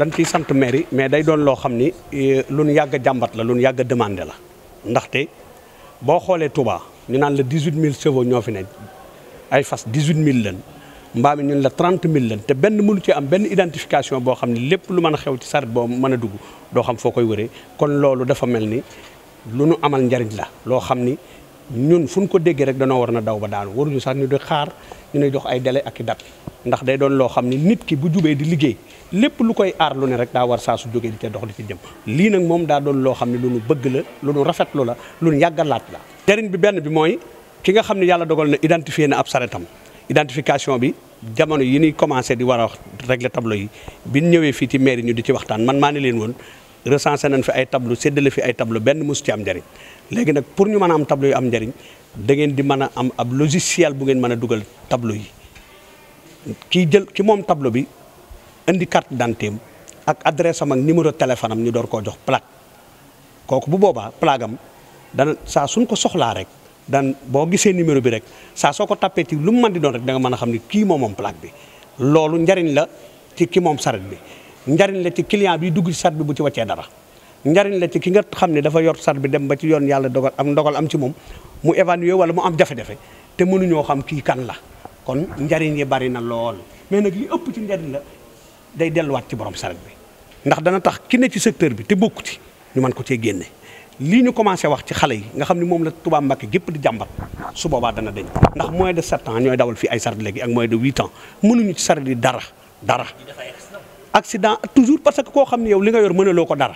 dañ ciy sant maire yi mais day doon loo xam ni eh, lu nu yàgg jàmbat la lu nu yàgg a demandé la ndaxte boo xoolee Touba ñu naan la 18000 chevaux ñoo fi ne ay fas 18000 lan mbaam mi ñun la 30000 lan te benn mënu ci am benn identification boo xam ne lépp lu mën a xew ci saret boo mën a dugg doo xam foo koy wëree kon loolu dafa mel ni lu nu amal njariñ la loo xam ni ñun fu ñu ko déggee rek danoo war na daw ba daanu waruñu sax ñu di xaar ñu ne jox ay délai ak i dat ndax day doon loo xam ni nit ki bu jubee di liggéey lépp lu koy aar lu ne rek daa war saa su jógee di ca dox di ci jëm lii nag moom daa doon loo xam ne lu nu bëgg la lu nu rafetlu la lu nu yàggalaat la. jëriñ bi benn bi mooy ki nga xam ne yàlla dogal na identifier na ab saretam identification bi jamono yi nuy commencé di war a wax régler tableau y bi ñu ñëwee fii ci mairie ñu di ci waxtaan man maa ne leen woon recensé nañ fi ay tableau séddale fi ay tableau benn mosu ci am njariñ léegi nag pour ñu mën a am tableau yu am njëriñ da ngeen di mën a am ab logiciel bu ngeen mën a dugal tableau yi kii jël ki moom tableau bi indi carte d'identité ak adresse am ak numéro téléphone am ñu door koo jox plaque kooku bu boobaa plaque am dana saa ko soxlaa rek dan boo gisee numéro bi rek saa soo ko tappee ci lu mu mën di doon rek da nga mën a xam ni kii moom moom plaque bi loolu njariñ la ci ki moom saret bi njariñ la ci client bi dugg ci sat bi bu ci wàccee dara njariñ la ci ki nga xam ne dafa yor sat bi dem ba ci yoon yàlla dogal am ndogal am ci moom mu évanoué wala mu am jafe-jafe te mënuñoo xam kii kan la kon njariñ yi bari na lool mais nag li ëpp ci njariñ la day delluwaat ci borom saret bi ndax dana tax ki ne ci secteur bi te bokku ci ñu man ko cee génne lii ñu commencé wax ci xale yi nga xam ne moom la Touba Mbacké gépp di jàmbat su boobaa dana deñ ndax moins de sept ans ñooy fii ay saret léegi ak moins de huit ans mënuñu ci saret yi dara dara accident toujours parce que koo xam ne yow li nga yor mënaloo ko dara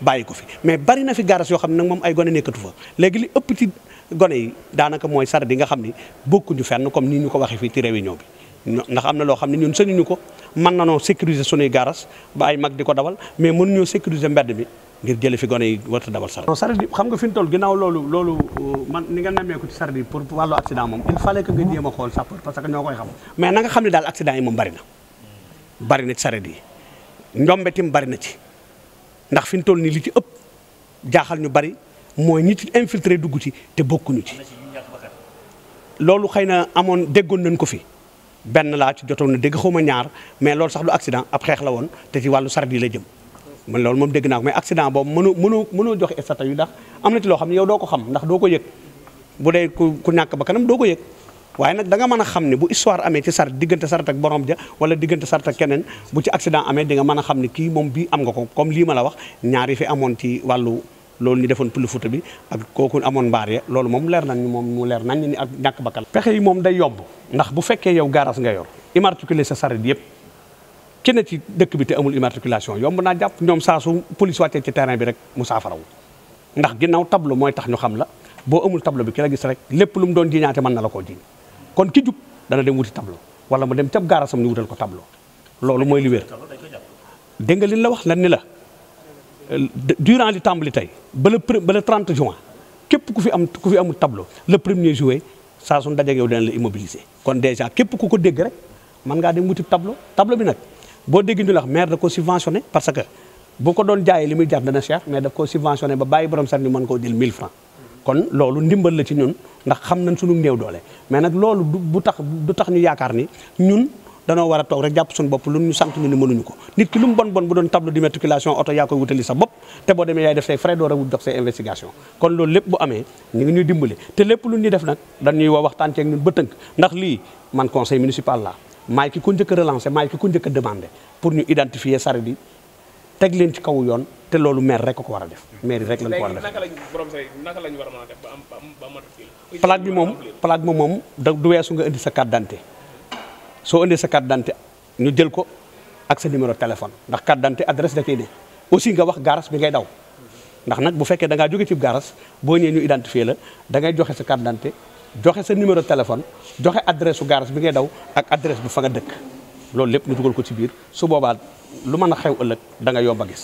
bàyyi ko fi mais bari na fi garas yoo xam ne nag moom ay gone nekkatu fa léegi li ëpp ci mooy sar di nga xam ni bokkuñu fenn comme ni ñu ko waxee fii ci réunion bi. ndax am loo xam ne ñun sëñuñu ko mën na nga fi ñu toll ginnaaw loolu loolu man ni nga namee ko ci saret yi pour wàllu accident moom il fallait que nga jéem a xool sapeur parce daal accident yi moom bari bari na ci sareet yi njombe tim bari na ci ndax fi ñu toll nii li ci ëpp jaaxal ñu bari mooy ñi ci infiltré dugg ci te bokkuñu ci. loolu xëy na amoon déggoon nañ ko fi benn laa ci jotoon na dégg xaw ma ñaar mais loolu sax du accident ab xeex la woon te ci wàllu sareet yi la jëm. man loolu moom dégg naa ko mais accident boobu mënoo mënoo mënoo joxe estata yu ndax am na ci loo xam ne yow doo ko xam ndax doo ko yëg bu dee ku ku ñàkk ba kanam doo ko yëg. waaye nag danga mën a xam ne bu histoire amee ci sart diggante sart ak borom ja wala diggante sart ak keneen bu ci accident amee di nga mën a xam ne kii moom bii am nga ko comme lii ma la wax ñaar fi amoon ci wàllu loolu ñu defoon pël futa bi ak kooku amoon mbaar ya loolu moom leer nañ moom mu leer nañ ni ak ñàkk bakkal pexe yi moom day yomb ndax bu fekkee yow gaaraas nga yor immatriculé sa saret yëpp ki ne ci dëkk bi te amul immatriculation yomb naa jàpp ñoom saa su police ci terrain bi rek mu saafarawu ndax ginnaaw tableau mooy tax ñu xam la boo amul tableau bi ki la gis lépp lu mu doon jiñaate mën na la koo jiñ kon ki jub dana dem wuti tablo wala mu dem cab gaarasam ñu wutal ko tableau loolu mooy li wér dégg nga la wax lan ni la durant li tàmbali tey ba le ba le 30 ku fi am ku fi amul tableau le premier juillet saa suñ dajeeg yow dinañ la immobiliser kon déjà képp ku ko dégg rek mën ngaa dem wuti tableau tableau bi nag boo dégg ñu maire da ko subventionné parce que bu ko doon jaayee li muy jar dana cher mais daf ko subventionné ba bàyyi borom sax ñu mën koo jël 1000 francs kon loolu ndimbal la ci ñun ndax xam nañ suñu néew doole mais nag loolu du bu tax du tax ñu yaakaar ni ñun danoo war a toog rek jàpp suñ bopp lu ñu sant ñu ni mënuñu ko nit ki lu mu bon bon bu doon tableau d'immatriculation oto yaa koy wutali sa bopp te boo demee yaay def say frais door a wut dox say investigation kon loolu lépp bu amee ñu ngi ñuy dimbali te lépp lu ñuy def nag dañuy woo waxtaan ceeg ñun ba tënk ndax lii man conseil municipal la maay ki ko njëkk a ki ko njëkk demandé pour ñu identifier saret yi teg leen ci kaw yoon te loolu meer rek ko war a def maire rek lañ ko war a def plaque bi moom plaque bi moom da du weesu nga indi sa carte soo indee sa carte d'identité ñu jël ko ak sa numéro téléphone ndax carte d'identité adresse da cay ne aussi nga wax garas bi ngay daw ndax nag bu fekkee da ngaa jóge ci garas boo ñëwee ñu identifier la dangay joxe sa carte d'identité joxe sa numéro téléphone joxe adresse su garas bi ngay daw ak adresse bi fa nga dëkk loolu lépp ñu dugal ko ci biir su boobaa lu mën a xew ëllëg da nga yomb a gis